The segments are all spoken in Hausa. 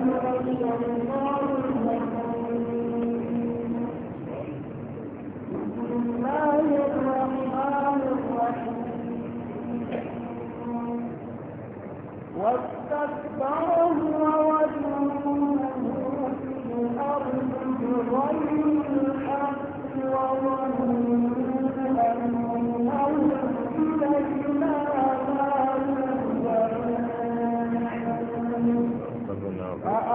وَالْأَرْضِ بِغَيْرِ الْحَقِّ وَظَنُّوا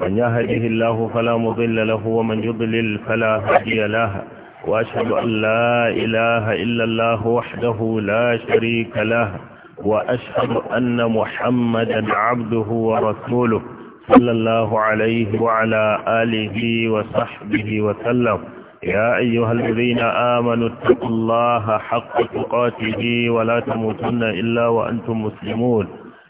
من يهده الله فلا مضل له ومن يضلل فلا هادي له وأشهد أن لا إله إلا الله وحده لا شريك له وأشهد أن محمدا عبده ورسوله صلى الله عليه وعلى آله وصحبه وسلم يا أيها الذين آمنوا اتقوا الله حق تقاته ولا تموتن إلا وأنتم مسلمون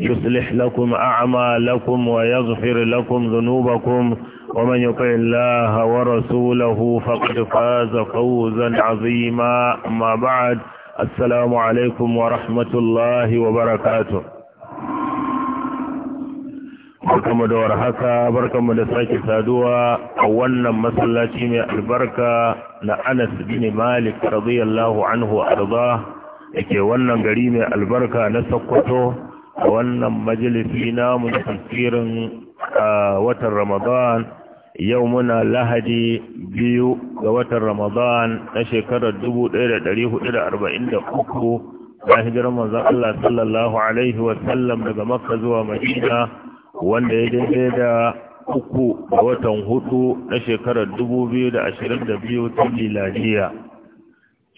يصلح لكم أعمالكم ويغفر لكم ذنوبكم ومن يطع الله ورسوله فقد فاز فوزا عظيما ما بعد السلام عليكم ورحمة الله وبركاته barkamu da warhaka mu da sake saduwa a wannan masallaci mai albarka na Anas bin Malik radiyallahu anhu arda yake wannan gari mai albarka na Sokoto a wannan majalisi namu na tafsirin watan Ramadan yau muna lahadi biyu ga watan Ramadan na shekarar 1443 na hijirar manzon Allah sallallahu alaihi wasallam daga Makka zuwa Madina wanda ya daidai da uku ga watan hudu na shekarar 2022 ta miladiya.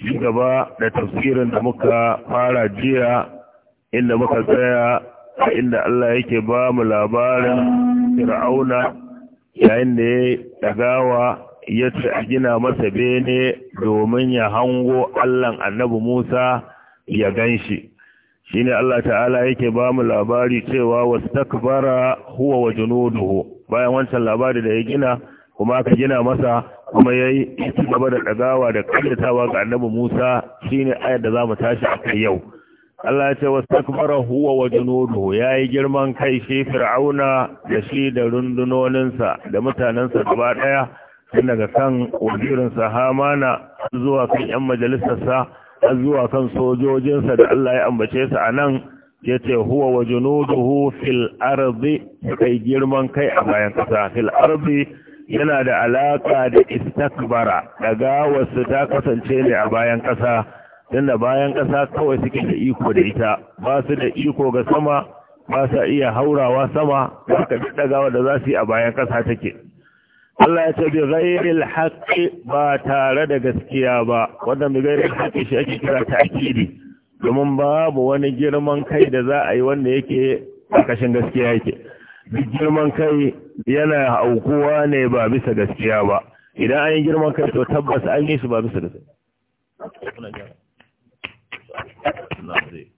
Shi gaba da tafsirin da muka fara jiya inda muka tsaya a inda Allah yake ba mu labarin fir'auna yayin da ya dagawa ya gina masa bene domin ya hango Allahn annabi Musa ya ganshi shine Allah ta'ala yake ba mu labari cewa wastakbara huwa wa junuduhu bayan wancan labari da ya gina kuma aka gina masa kuma yayi gaba da dagawa da kallatawa ga annabi Musa shine ayar da za mu tashi a yau Allah ce wastakbara huwa wa junuduhu yayi girman kai shi fir'auna da shi da rundunoninsa da mutanensa gaba ɗaya tun daga kan wazirin Hamana zuwa kan yan majalisarsa har zuwa kan sojojinsa da Allah ya ambace su anan ce huwa wa junuduhu fil ardi kai girman kai a bayan kasa fil ardi yana da alaka da istakbara daga wasu ta kasance ne a bayan kasa tunda bayan ƙasa kawai suke da iko da ita ba su da iko ga sama ba sa iya haurawa sama ba ka dagawa da za su yi a bayan ƙasa take Allah ya ce bi ghairil haqqi ba tare da gaskiya ba wannan bi ghairil haqqi shi ake kira ta akidi domin babu wani girman kai da za a yi wanda yake kashin gaskiya yake duk girman kai yana aukuwa ne ba bisa gaskiya ba idan an yi girman kai to tabbas an yi shi ba bisa gaskiya Lovely.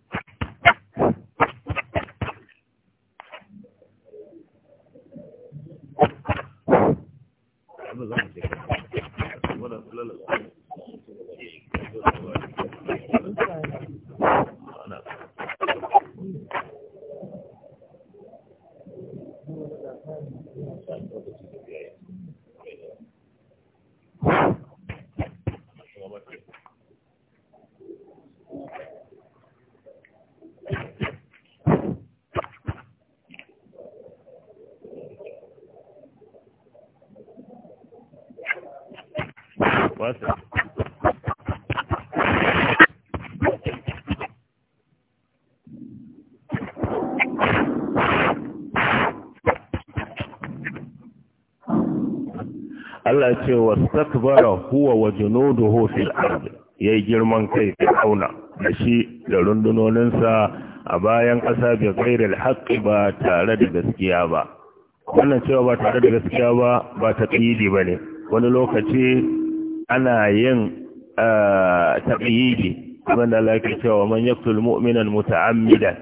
Thank you. ba su Allah ce wa stakbara huwa wa junuduhu fil ard yayi girman kai auna da shi da rundunoninsa a bayan ƙasa bi ghairil haqqi ba tare da gaskiya ba wannan cewa ba tare da gaskiya ba ba ta ba bane wani lokaci ana yin ah, taƙiyidi abin da lafi cewa man yaktul mu'minan muta'ammidan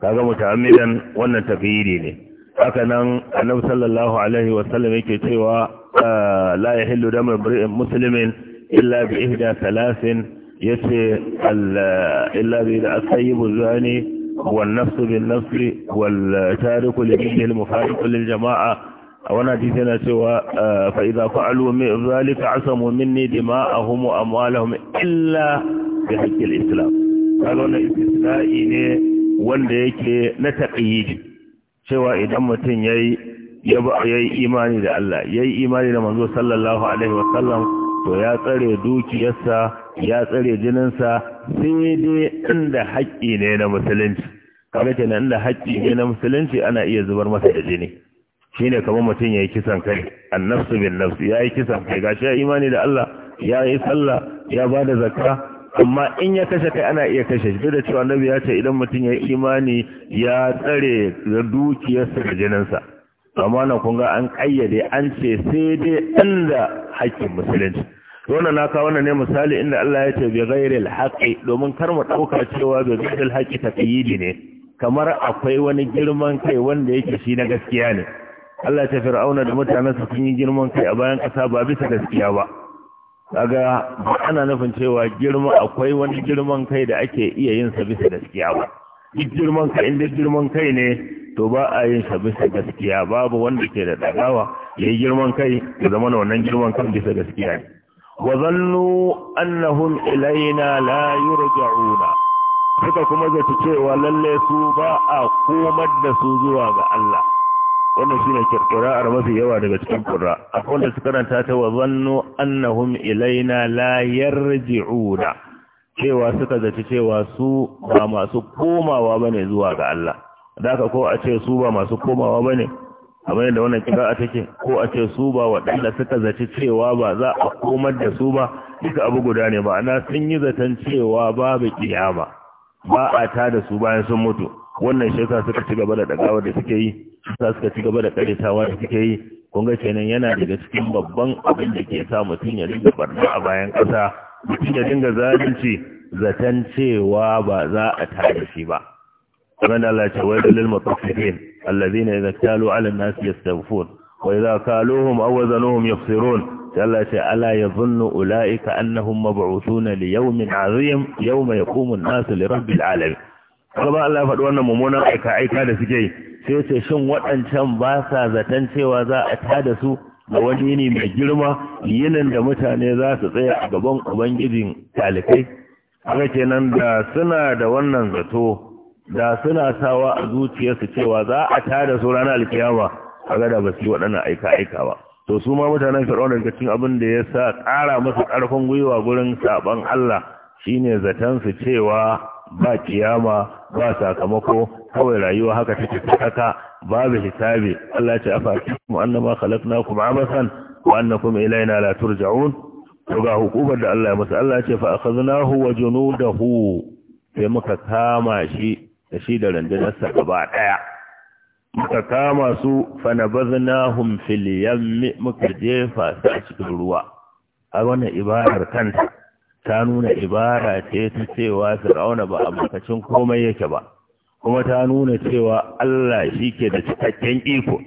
kaga muta'ammidan wannan taƙiyidi ne haka nan annabi sallallahu alaihi wasallam yake cewa ah, la yahillu damu musulmin, illa bi ihda thalathin yace illa bi al-sayyibu zani والنفس بالنفس والتارك لدينه المفارق jama'a. a wani hadisi yana cewa fa idza fa'alu min zalika asamu minni dima'ahum wa amwalahum illa bi haqqi al-islam kaga wannan istisna'i ne wanda yake na taqyid cewa idan mutum yayi ya yayi imani da Allah yayi imani da manzo sallallahu alaihi wa sallam to ya tsare dukiyarsa ya tsare jininsa sai dai inda haƙƙi ne na musulunci kaga kenan inda haƙƙi ne na musulunci ana iya zubar masa da jini Shi ne kamar mutum ya yi kisan kai annafsu bin nafsi yi kisan kai gashi ya imani da Allah ya yi sallah ya bada zakka amma in ya kashe kai ana iya kashe shi da cewa annabi ya ce idan mutum ya yi imani ya tsare da dukiyarsa da jininsa amma nan kun ga an kayyade an ce sai dai da haƙƙin musulunci wannan na kawo ne misali inda Allah ya ce bi da haqqi domin kar mu dauka cewa bi ghairil ta taqyidi ne kamar akwai wani girman kai wanda yake shi na gaskiya ne Allah ta fir'auna da mutanensa sun yi girman kai a bayan ƙasa ba bisa gaskiya ba kaga ana nufin cewa girma akwai wani girman kai da ake iya yin sa bisa gaskiya ba duk girman kai inda girman kai ne to ba a yin sa bisa gaskiya babu wanda ke da dagawa ya yi girman kai ya zama na wannan girman kan bisa gaskiya ne wa zannu annahum ilaina la yurja'una suka kuma zata cewa lalle su ba a komar da su zuwa ga Allah wannan ne ƙura'ar mafi yawa daga cikin ƙura. akwai wanda suka karanta ta wa zannu annahum ilaina la yarji'una cewa suka zaci cewa su ba masu komawa bane zuwa ga Allah daka ko a ce su ba masu komawa bane kamar yadda wannan a take ko a ce su ba wadanda suka zaci cewa ba za a komar da su ba duka abu guda ne ba. ana sun yi zaton cewa babu kiyama ba a tada su bayan sun mutu wannan shi yasa suka ci gaba da dagawa da suke yi za suka ci gaba da karitawa da suke yi kun ga kenan yana daga cikin babban abin da ke sa mutum ya dinga barna a bayan ƙasa mutum ya dinga zalunci zaton cewa ba za a tare shi ba kamar Allah ce wai dalil mutaffifin allazina idza talu ala an-nas yastaghfun wa idza kaluhum aw wazanuhum yafsirun Allah ce ala yadhunnu ulaika annahum mab'uthuna li yawmin 'azim yawma yaqumu an-nas li rabbil alamin ba Allah ya faɗi wannan mummunan aika-aika da suke yi sai ce shin waɗancan ba sa zaton cewa za a ta da su da wani yini mai girma yinin da mutane za su tsaya a gaban ubangijin talikai haka kenan da suna da wannan zato da suna sawa a zuciyarsu cewa za a ta da su ranar alkiyama kaga da ba yi waɗannan aika-aika ba to su ma mutanen fir'auna daga cikin abin da ya sa ƙara masa ƙarfin gwiwa gurin saɓon Allah shine zaton su cewa ba kiyama ba sakamako kawai rayuwa haka take tsaka babu hisabi Allah ce afa kuma annama khalaqnakum abasan wa annakum ilaina la turja'un to ga hukumar da Allah ya masa Allah ce fa akhadnahu wa junudahu sai muka kama shi da shi da rundunarsa gaba daya muka kama su fa nabadhnahum fil yamm muka jefa su a cikin ruwa a wannan ibarar kanta ta nuna ibara ce ta cewa fir'auna ba abokacin komai yake ba kuma ta nuna cewa Allah shi ke da cikakken iko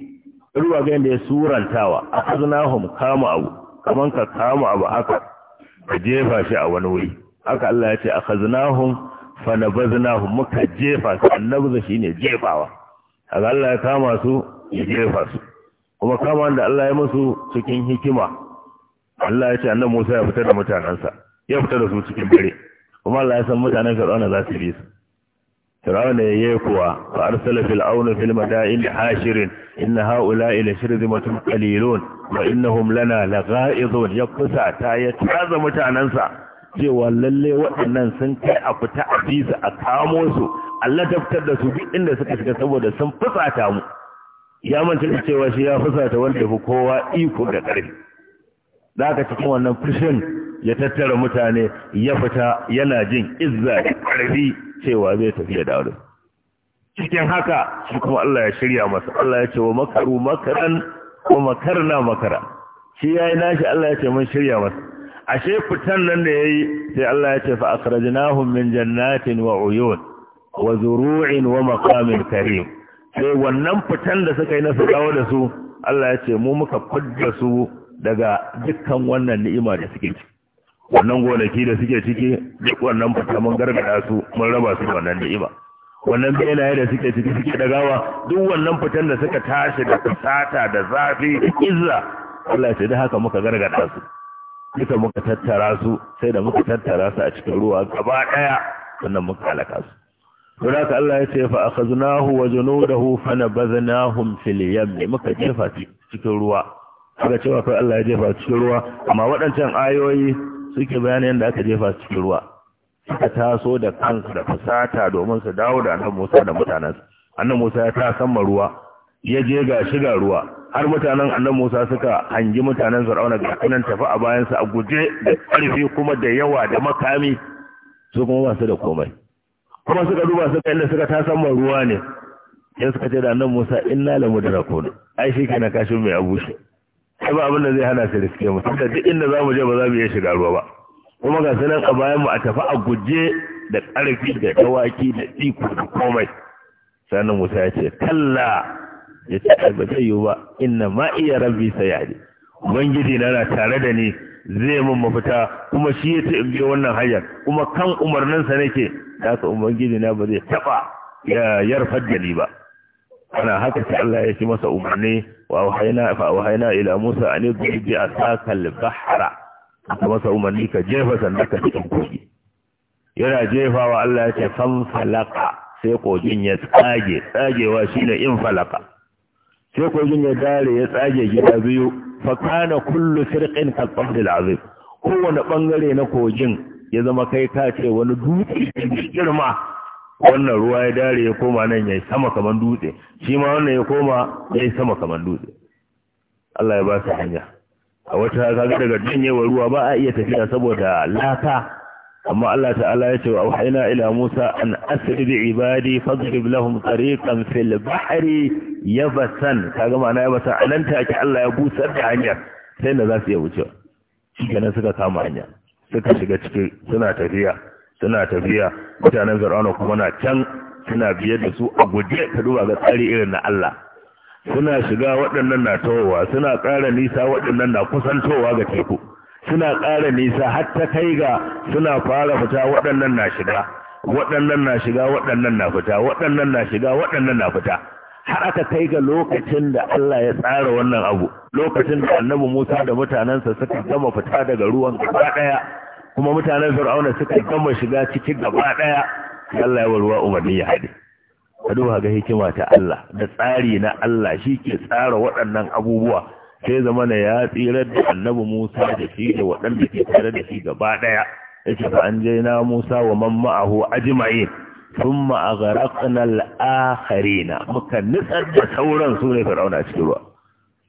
ruwa ga da ya surantawa a kaznahum kama abu kaman ka kama abu haka ka jefa shi a wani wuri haka Allah ya ce a kaznahum fa nabaznahum muka jefa su annabza shine jefawa haka Allah ya kama su ya jefa su kuma kama da Allah ya musu cikin hikima Allah ya ce annabi Musa ya fitar da mutanansa ya fita da su cikin dare kuma Allah ya san mutanen Fir'auna za su bi su Fir'auna yi kuwa fa arsala fil auna fil mada'in hashirin inna ha'ula'i la shirzimatun qalilun wa innahum lana lagha'izun ya kusa ta ya tsaza mutanen sa cewa lalle waɗannan sun kai a fita a bi su a kamo su Allah fitar da su duk inda suka shiga saboda sun fusata mu ya manta da cewa shi ya fusata wanda fi kowa iko da ƙarfi da aka cikin wannan fushin ya tattara mutane ya fita yana jin izza ƙarfi cewa zai tafi ya dawo cikin haka shi kuma Allah ya shirya masa Allah ya ce wa makaru makaran wa makarna makara shi yayi nashi Allah ya ce mun shirya masa ashe fitan nan da yayi sai Allah ya ce fa akhrajnahum min jannatin wa uyun wa zuru'in wa maqamin karim sai wannan fitan da suka yi na su dawo da su Allah ya ce mu muka fudda su daga dukkan wannan ni'ima da suke ciki wannan gonaki da suke ciki duk wannan fata mun gargada su mun raba su wannan ni'ima wannan benaye da suke ciki suke dagawa duk wannan fitan da suka tashi da sata da zafi da izza Allah ce da haka muka gargada su duka muka tattara su sai da muka tattara su a cikin ruwa gaba daya sannan muka halaka su don haka Allah ya ce fa akhaznahu wa junudahu fanabadhnahum fil yamm muka jefa cikin ruwa kaga cewa kai Allah ya jefa cikin ruwa amma waɗancan ayoyi suke bayanin yadda aka jefa cikin ruwa suka taso da kansu da fusata domin su dawo da annan musa da su. annan musa ya sama ruwa ya je ga shiga ruwa har mutanen annan musa suka hangi mutanen fir'auna ga kunan tafi a bayan su a guje da ƙarfi kuma da yawa da makami su kuma ba su da komai kuma suka duba su inda suka sama ruwa ne sai suka ce da annan musa inna lamu da rakuni ai shi kenan kashin mai abushe sai ba abin da zai hana su riske mu tunda duk inda za mu je ba za mu iya shiga ruwa ba kuma ga sanan a bayan mu a tafi a guje da karfi da dawaki da iko da komai sannan musa ya ce kalla ya ce ba zai yiwu ba inna ma iya rabbi sai ya ubangiji na na tare da ni zai mun mafita kuma shi ya ce in biyo wannan hanyar kuma kan umarninsa nake da ka ubangiji na ba zai taba ya yarfa da ni ba ana haka ta Allah ya ci masa umarni وأوحينا فأوحينا إلى موسى أن يضرب بعصاك البحر كما سأمني كجيفة سنك تكون yana jefawa Allah ya ce fan falaka sai kogin ya tsage tsagewa shine in falaka sai kogin ya dare ya tsage gida biyu fa kana kullu firqin kal qabdil azim kowane bangare na kogin ya zama kai ka ce wani dutse girma wannan ruwa ya dare ya koma nan ya sama kaman dutse shi ma wannan ya koma ya sama kaman dutse Allah ya ba su hanya a wata kaga daga janyewa ruwa ba a iya tafiya saboda laka amma Allah ta'ala ya ce wa auhayna ila Musa an asri bi ibadi fadrib lahum tariqan fil bahri yabasan kaga ma'ana yabasan anan ake Allah ya busar da hanyar sai da za su iya wucewa shi kenan suka kama hanya suka shiga ciki suna tafiya suna tafiya mutanen fir'auna kuma na can suna biye da su a guje ka duba ga tsari irin na Allah suna shiga waɗannan na towa suna ƙara nisa waɗannan na kusantowa ga teku suna ƙara nisa har ta kai ga suna fara fita waɗannan na shiga waɗannan na shiga waɗannan na fita waɗannan na shiga waɗannan na fita har aka kai ga lokacin da Allah ya tsara wannan abu lokacin da annabi Musa da mutanensa suka gama fita daga ruwan gaba ɗaya kuma mutanen fir'auna suka gama shiga cikin gaba daya Allah ya warwa umarni ya hade ka duba ga hikima ta Allah da tsari na Allah shi ke tsara waɗannan abubuwa sai Zama na ya tsira da annabi Musa da shi da waɗanda ke tare da shi gaba daya yace fa na Musa wa man ma'ahu ajma'in thumma aghraqna al-akharina muka nutsar da sauran su ne fir'auna cikin ruwa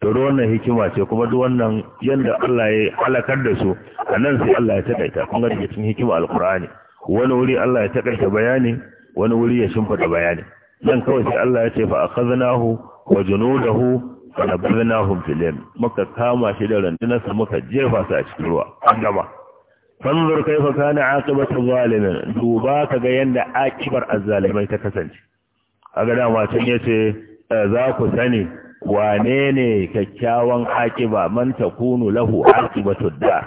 to wannan hikima ce kuma duk wannan yanda Allah ya halakar da su anan sai Allah ya takaita kun ga cikin hikima alqur'ani wani wuri Allah ya takaita bayani wani wuri ya shimfida bayani nan kawai sai Allah ya ce fa akhadnahu wa junudahu fa nabadhnahum fil yam muka kama shi da randunar sa muka jefa su a cikin ruwa an gama fanzur kaifa kana aqibatu zalimin duba ka ga yanda akibar azzalimai ta kasance aga dama tun yace eh, za ku sani wane ne kyakkyawan akiba man Kunu, lahu akibatu da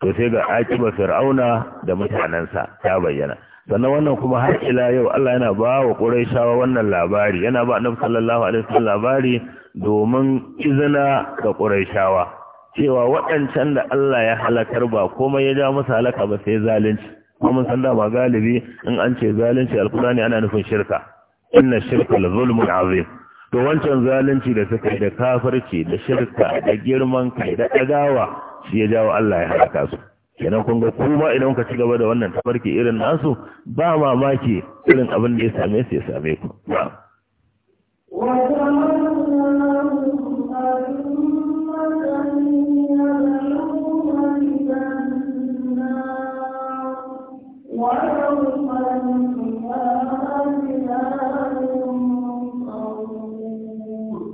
to sai ga akiba fir'auna da mutanansa ta bayyana sannan wannan kuma har ila yau Allah yana ba wa Quraishawa wannan labari yana ba Annabi sallallahu alaihi wasallam labari domin izina ga Quraishawa cewa waɗancan da Allah ya halakar ba komai ya ja musu halaka ba sai zalunci kuma mun san da ba galibi in an ce zalunci alkurani ana nufin shirka inna shirka la zulmun azim to wancan zalunci da suka yi da kafirci da shirka da girman kai da dagawa shi ya jawo Allah ya halaka su kenan kun ga kuma idan ka ci gaba da wannan tafarki irin nasu ba mamaki irin abin da ya same su ya same ku What?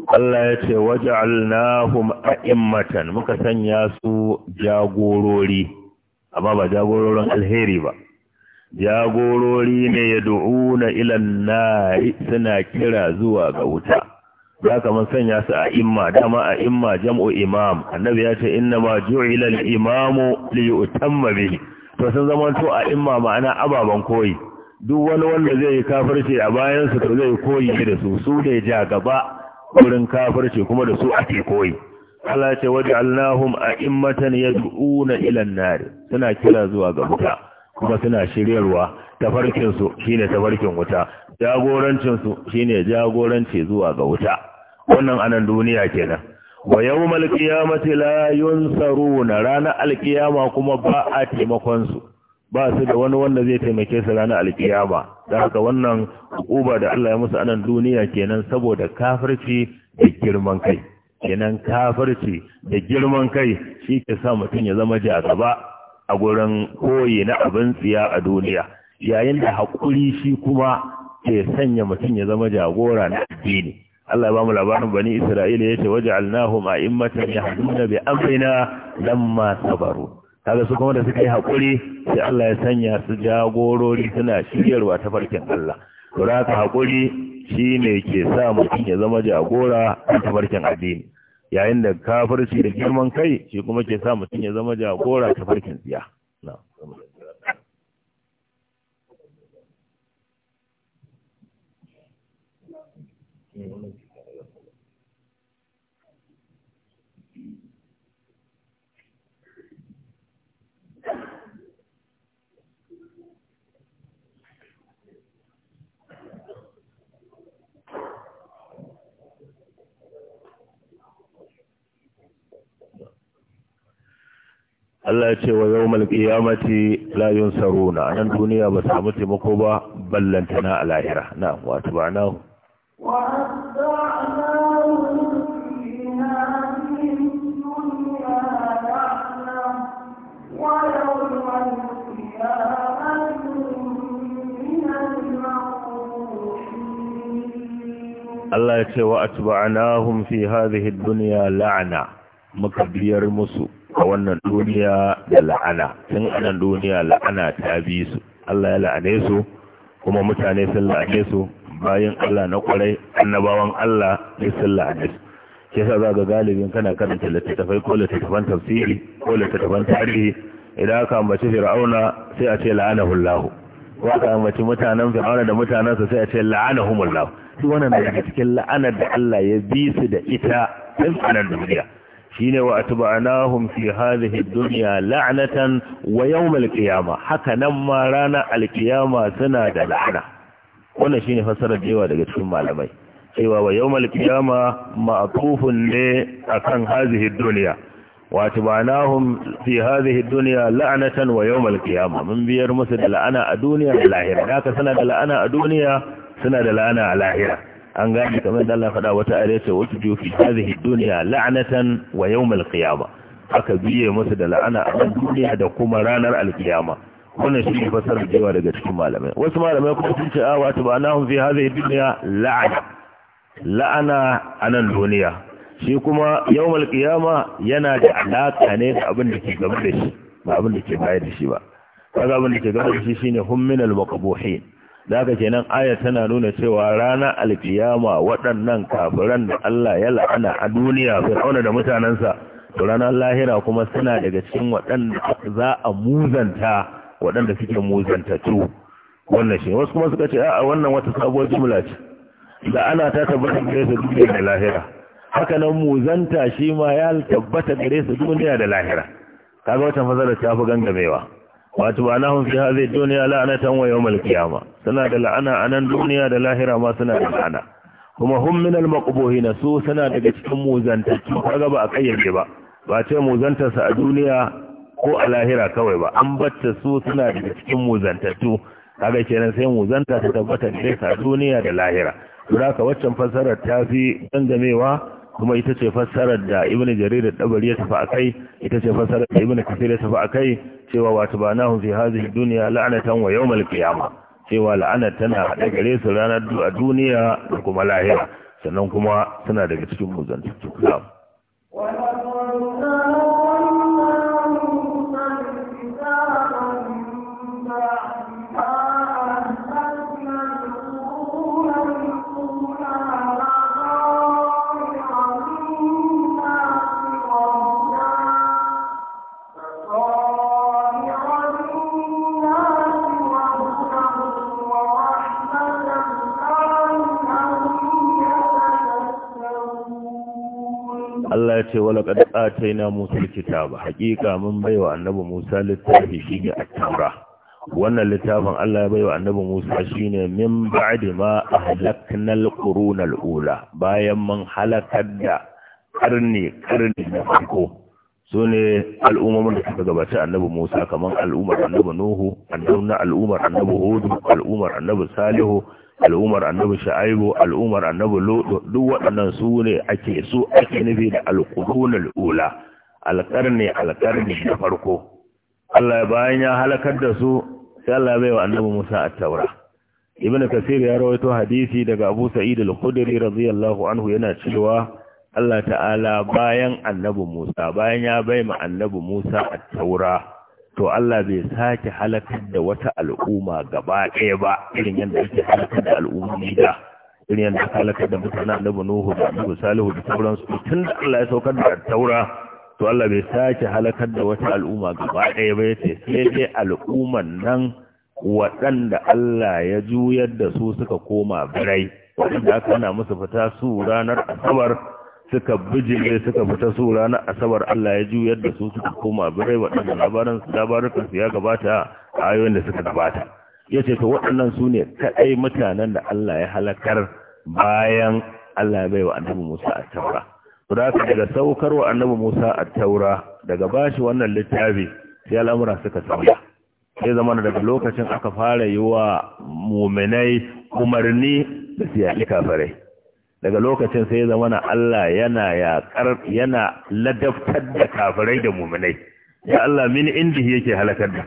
Allah ya ce waja'alnahum a'immatan muka sanya su jagorori amma ba jagororin alheri ba jagorori ne ya du'una ila nari suna kira zuwa ga wuta za ka sanya su a imma dama a imma jam'u imam annabi ya ce inna ma ju'ila al-imamu li yutamma bihi to sun zama to a imma ma'ana ababan koyi duk wani wanda zai yi kafirci a bayan su to zai koyi da su su ne ja gaba wurin kafirci kuma da su ake koyi Allah ce waje Allahum a immatan ya du'una ilan nari suna kira zuwa ga wuta kuma suna shiryarwa tafarkinsu shine tafarkin wuta jagorancinsu shine jagoranci zuwa ga wuta wannan anan duniya kenan wa yawmal qiyamati la yunsaruna ranar alkiyama kuma ba a taimakon su ba su da wani wanda zai taimake su ranar alkiyama da haka wannan Hukuma da Allah ya musu anan duniya kenan saboda kafirci da girman kai kenan kafirci da girman kai shi ke sa mutum ya zama gaba a gurin koyi na abin tsiya a duniya yayin da haƙuri shi kuma ke sanya mutum ya zama jagora na addini Allah ya ba mu labarin bani Isra'ila ya ce waja'alnahum a'immatan yahduna bi amrina lamma sabaru kaga su kuma da suka yi hakuri, sai Allah ya sanya su jagorori suna shiryarwa ta farkin Allah to da haka shi shine ke sa mutum ya zama jagora ta farkin addini yayin da kafirci da girman kai shi kuma ke sa mutum ya zama jagora ta farkin tsiya Allah ya ce wa yawmal qiyamati la yunsaruna nan duniya ba samu taimako ba ballantana a lahira na wa tabanahu wa tabanahu Allah ya ce wa atba'nahum fi hadhihi ad-dunya la'na muka biyar musu wannan duniya da la'ana tun anan duniya la'ana ta bi su Allah ya la'ane su kuma mutane sun la'ane su bayan Allah na kwarai annabawan Allah ne sun la'ane su ke sa za ga galibin kana karanta littattafai ko littattafan tafsiri ko littattafan tarihi idan aka ambaci fir'auna sai a ce la'anahu Allah ko aka ambaci mutanen fir'auna da mutanen su sai a ce la'anahumullah duk wannan daga cikin la'anar da Allah ya bi su da ita tun anan duniya shine wa atba'nahum fi hadhihi dunya la'natan wa yawm al-qiyamah haka nan ma ranar al suna da la'ana wannan shine fasarar da daga cikin malamai cewa wa yawm al-qiyama ma'tufun ne akan hadhihi dunya wa atba'nahum fi hadhihi dunya la'natan wa yawm al-qiyama mun biyar musu da la'ana a duniya da lahira haka suna da la'ana a duniya suna da la'ana a lahira an gane kamar da Allah faɗa wata ayar ce wata jofi hadhihi dunya la'natan wa yawm al-qiyama aka biye masa da la'ana a duniya da kuma ranar al-qiyama wannan shi ne fasarar jewa daga cikin malamai wasu malamai kuma sun ce awa ta ba na hun fi hadhihi dunya la'ana la'ana anan duniya shi kuma yawmal qiyama yana da alaka ne da abin da ke gaba da shi ba abin da ke bayar da shi ba kaga abin da ke gaba da shi shine hum min al-maqbuhin da kenan aya tana nuna cewa ranar alkiyama waɗannan kafiran da Allah ya la'ana a duniya fir'auna da mutanansa, to ranar lahira kuma suna daga cikin waɗanda za a muzanta waɗanda suke muzanta wannan shi wasu kuma suka ce a wannan wata sabuwar jumla ce da ana ta tabbatar gare su duniya da lahira haka nan muzanta shi ma ya tabbata gare su duniya da lahira kaga wata fasalar ta fi gangamewa wato ba na fi ha duniya la'anatan wa yawmal qiyama suna da la'ana anan duniya da lahira ma suna da la'ana kuma hum min al maqbuhin su suna daga cikin muzantattu kaga ba a kayyade ba ba ce muzantar sa a duniya ko a lahira kawai ba an batta su suna daga cikin muzantattu kaga kenan sai muzanta ta tabbata da sa duniya da lahira ka waccan fassarar ta fi gangamewa kuma ita ce fassarar da ibn jarir da dabari ya tafi akai ita ce fassarar da ibn kasir ya tafi akai cewa wata ba na fi hazi duniya la'anatan wa yawmal qiyama cewa la'anar tana haɗe gare su ranar a duniya da kuma lahira sannan kuma suna daga cikin muzantattu na'am ce wala qad ataina musa kitaba haqiqa mun baiwa annabi musa littafi shine at-taura wannan littafin Allah ya baiwa annabi musa shine min ba'di ma ahlakna al-quruna al-ula bayan mun halakar da karni karni na farko sune ne da suka gabaci annabi Musa kamar al'ummar annabi Nuhu, annabi al'ummar annabi Hudu, al'ummar annabi Salihu, al'umar annabi sha'aibu al'umar annabi lodo duk waɗannan su ne ake su ake nufi da alƙulunul ula alƙarni alƙarni na farko Allah bayan ya halakar da su sai Allah bai wa annabi Musa at-Taura Ibn Kasir ya rawaito hadisi daga Abu Sa'id al-Khudri radiyallahu anhu yana cewa Allah ta'ala bayan annabi Musa bayan ya bai ma annabi Musa at-Taura to Allah bai sake halakar da wata al'umma gaba ɗaya ba irin yadda ake halakar da al'ummomi da irin yadda aka halakar da mutanen annabi Nuhu da annabi Salihu da sauransu tun da Allah ya saukar da Taura to Allah bai sake halakar da wata al'umma gaba ɗaya ba yace sai dai al'umman nan waɗanda Allah ya juyar da su suka koma birai waɗanda aka nuna musu fita su ranar asabar suka bijire suka fita su ranar asabar Allah ya juyar da su suka koma birai waɗanda labaran su ya gabata a ayoyin da suka gabata ya ce to waɗannan su ne kaɗai mutanen da Allah ya halakar bayan Allah ya bai wa annabi Musa a taura to da haka daga saukar wa annabi Musa a taura daga bashi wannan littafi sai al'amura suka sauya sai zama daga lokacin aka fara yi wa muminai umarni da siyali kafarai daga lokacin sai zama na Allah yana yaƙar yana ladabtar da kafirai da muminai ya Allah min indihi yake halakar da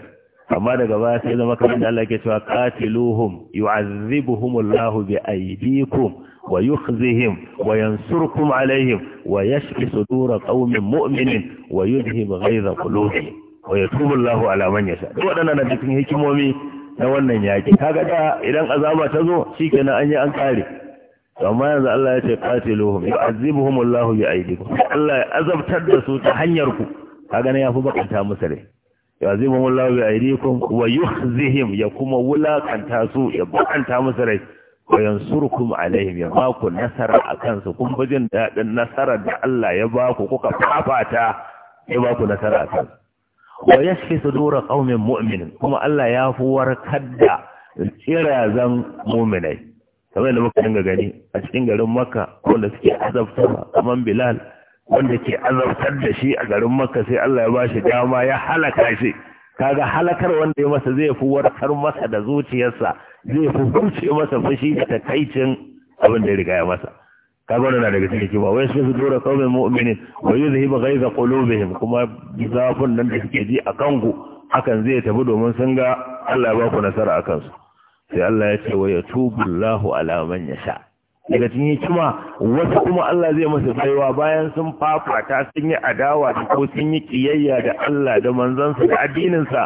amma daga baya sai zama kamar da Allah yake cewa qatiluhum yu'azzibuhumullahu bi aydikum wa yukhzihim wa yansurkum alaihim wa yashfi sudur qaumin mu'minin wa yudhib ghayza qulubihim wa yatubu ala man yasha duk waɗannan da cikin hikimomi na wannan yaki kaga da idan azaba ta zo shikenan an yi an kare amma yanzu Allah ya ce qatiluhum yu'azibuhum Allah bi aydikum Allah ya azabtar da su ta hanyar ku kaga ne yafi bakanta musu ne yu'azibuhum Allah bi wa yukhzihim ya kuma wulakanta su ya bakanta musu ne wa yansurukum alaihim ya ba ku nasara akan su kun jin dadin nasara da Allah ya ba ku kuka fafata ya ba ku nasara akan wa yashfi sudura qaumin mu'minin kuma Allah ya fi warkar da tsirazan mu'minai kamar da muka dinga gani a cikin garin makka wanda suke azabta kamar bilal wanda ke azabtar da shi a garin makka sai Allah ya ba shi dama ya halaka shi kaga halakar wanda ya masa zai fi warkar masa da zuciyarsa zai fi huce masa fushi da takaicin abin da ya riga ya masa kaga wannan daga cikin kima wai su su dora kawai mu'minin wa yuzhibu ghaiza qulubihim kuma zafin nan da suke ji a kanku hakan zai tafi domin sun ga Allah ya ba ku nasara akan su sai Allah ya ce wa ya Allahu ala man yasha daga cikin hikima wasu kuma Allah zai masa baiwa bayan sun fafata sun yi adawa da ko sun yi kiyayya da Allah da manzansa da addininsa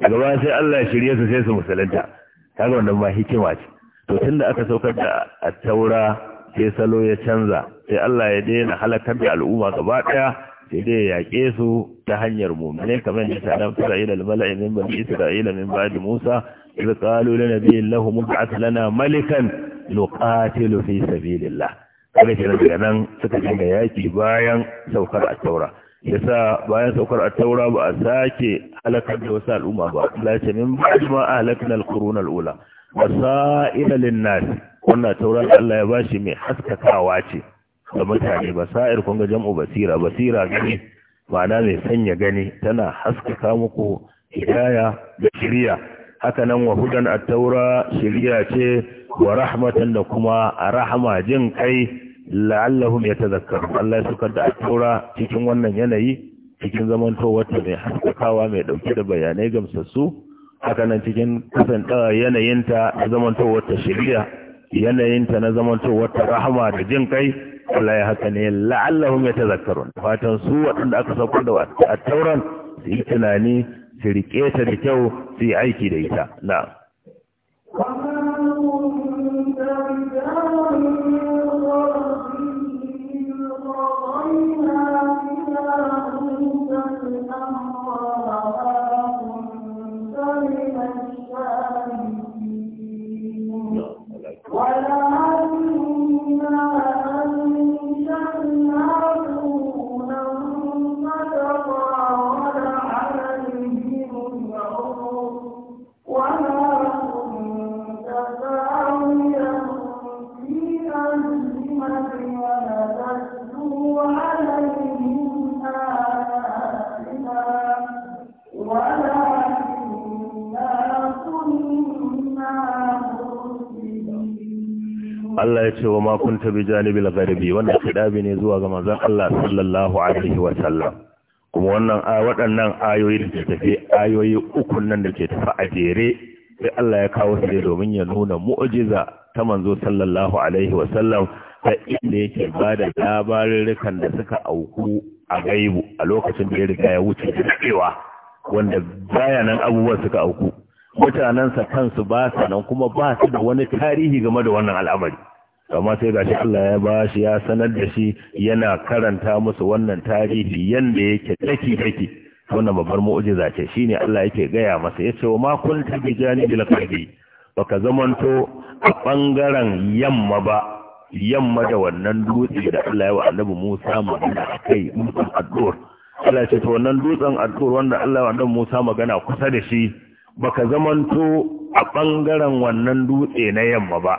daga baya sai Allah ya shirye su sai su musulunta kaga wannan ma hikima ce to tunda aka saukar da at-taura sai salo ya canza sai Allah ya daina halakar da al'umma gaba daya sai dai ya yaƙe su ta hanyar mu'minin kamar da ta dan Isra'ila al-mala'i min min ba'di Musa إذ قالوا لنبي الله مبعث لنا ملكا نقاتل في سبيل الله kaga kenan daga nan suka dinga yaki bayan saukar a taura yasa bayan saukar a taura ba a sake halakar da wasu al'umma ba Allah ya ba min ba'd ma ahlakna al-qurun al-ula basaira wannan taura Allah ya bashi mai haskakawa ce ga mutane basair kun ga jam'u basira basira gani ma'ana mai sanya gani tana haskaka muku hidaya da shiriya haka nan wa hudan at-taura shiriya ce wa rahmatan da kuma rahama jin kai la'allahum yatazakkarun Allah ya suka da at cikin wannan yanayi cikin zamantowata mai haskakawa mai dauke da bayanai gamsassu haka nan cikin kasancewa yanayinta na ta shiriya yanayinta na zamantowar ta rahama da jin kai Allah ya haka ne la'allahum yatazakkarun fatan su waɗanda aka sauko da at-tauran su yi tunani ki riƙe ta da kyau su yi aiki da ita na'am Allah ya ce wa ma kunta bi janibil gharibi wannan kidabi ne zuwa ga manzon Allah sallallahu alaihi wa sallam kuma wannan waɗannan ayoyi da tafi ayoyi uku nan da ke tafi a jere sai Allah ya kawo su domin ya nuna mu'jiza ta manzo sallallahu alaihi wa sallam ta inda yake ba da labarurrukan da suka auku a gaibu a lokacin da ya riga ya wuce da cewa wanda bayanan abubuwan suka auku mutanensa kansu ba su nan kuma ba su da wani tarihi game da wannan al'amari amma sai gashi Allah ya ba shi ya sanar da shi yana karanta musu wannan tarihi yanda yake daki daki wannan babbar mu'jiza ce shine Allah yake gaya masa yace wa ma kunta bi janibil Ba baka zamanto a bangaren yamma ba yamma da wannan dutse da Allah ya wa annabi Musa magana kai dutsen Addur Allah ce to wannan dutsen Addur wanda Allah ya wa annabi Musa magana kusa da shi baka zamanto a ɓangaren wannan dutse na yamma ba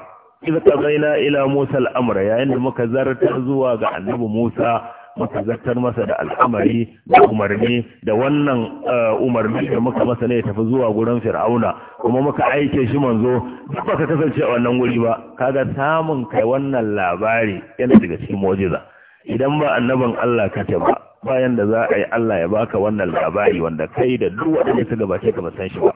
idza qadaina ila Musa al yayin da muka zartar zuwa ga annabi Musa muka zartar masa da al'amari da umarni da wannan eh, umarni da muka masa ne tafi zuwa gurin Fir'auna kuma muka aike shi manzo duk baka kasance a wannan guri ba kaga samun kai wannan labari yana daga cikin mu'jiza idan ba annaban Allah kace ba bayan da za a yi Allah ya baka wannan labari wanda kai da duk wanda suka gabace ka san shi ba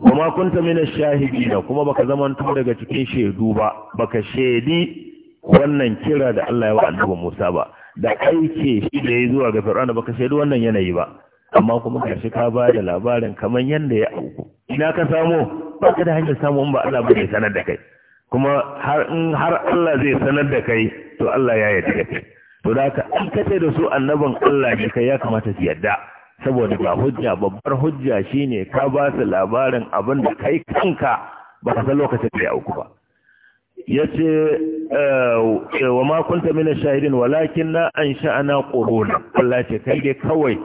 wa ma kunta min ash-shahidin kuma baka zaman tu daga cikin shaidu ba baka shedi wannan kira da Allah ya wa annabi Musa ba da aike shi da ya zuwa ga Fir'auna baka shedi wannan yanayi ba amma kuma shi ka ba da labarin kamar yanda ya auku ina ka samu baka da hanyar samu in ba Allah ba zai sanar da kai kuma har in har Allah zai sanar da kai to Allah ya yarda da kai to da ka aikace da su annaban Allah ne kai ya kamata su yarda saboda ba hujja babbar hujja shine ka ba su labarin abin da kai kanka ba ka san lokacin da ya auku ba yace eh, eh, wa ma kunta min ash-shahidin walakin na ansha'ana quruna Allah ce kai dai kawai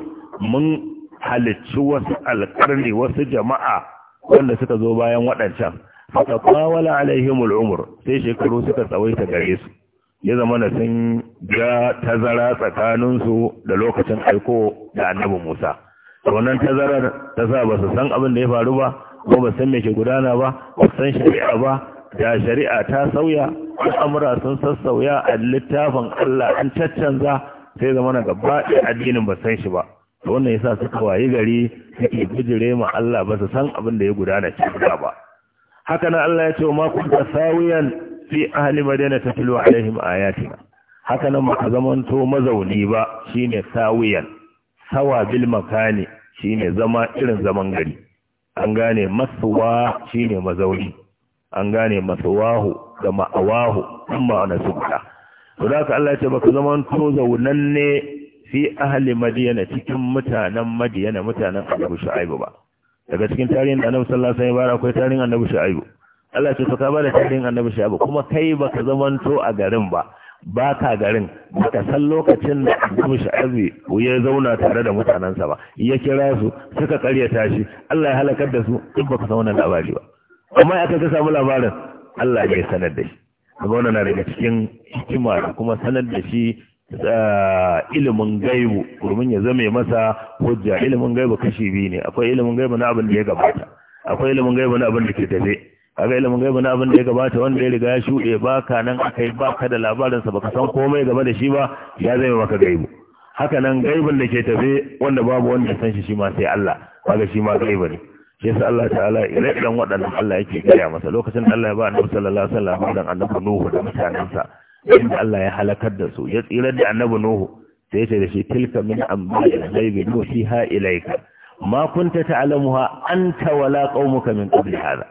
mun halicci wasu alƙarni wasu jama'a wanda suka zo bayan waɗancan fatawala alaihimul umr sai shekaru suka tsawaita gare su ya zama na sun ga tazara tsakaninsu da lokacin aiko da annabi Musa. Wannan tazarar ta sa ba su san abin da ya faru ba, ko ba san me ke gudana ba, ba san shari'a ba, da shari'a ta sauya, al'amura sun sassauya a littafin Allah an caccanza sai zama na gaba addinin ba san shi ba. Wannan yasa suka wayi gari suke bijire ma Allah ba su san abin da ya gudana cikin ba. Haka nan Allah ya ce wa ma da sawiyan fi ahli madina tatlu alaihim ayatina haka nan ba to mazauni ba shine sawiyan sawa bil makani shine zama irin zaman gari an gane masuwa shine mazauni an gane masuwahu da ma'awahu amma ana subta to haka Allah ya ce baka zamanto zaunanne fi ahli madina cikin mutanen madina mutanen Abu shaibu ba daga cikin tarihin Annabi sallallahu alaihi wasallam akwai tarihin Annabi shaibu Allah ce to ka bada tarihin annabi abu. kuma kai ba ka zamanto a garin ba ba ka garin baka san lokacin da annabi shaibu ya zauna tare da mutanensa ba ya kira su suka karyata shi Allah ya halakar da su ba baka san wannan labari ba amma ya ka samu labarin Allah ya sanar da shi kuma wannan na daga cikin hikima da kuma sanar da shi ah, ilimin gaibu domin ya zame masa hujja ilimin gaibu kashi biyu ne akwai ilimin gaibu na abin da ya gabata akwai ilimin gaibu na abin da ke tafe kaga ilimin gaibu na abin da ya gabata wanda ya riga ya shuɗe ba ka nan aka yi ba ka da labarinsa ba ka san komai gaba da shi ba ya zai maka gaibu haka nan gaibun da ke tafe wanda babu wanda ya san shi shi ma sai Allah ga shi ma gaibu ne shi yasa Allah ta'ala ya ire dan waɗannan Allah yake gaya masa lokacin da Allah ya ba annabi sallallahu alaihi wasallam dan annabi Nuhu da mutanensa inda Allah ya halakar da su ya tsira da annabi Nuhu sai ce da shi tilka min amba'il ghaibi nuhiha ilayka ma kunta ta'lamuha anta wala qaumuka min qabli hadha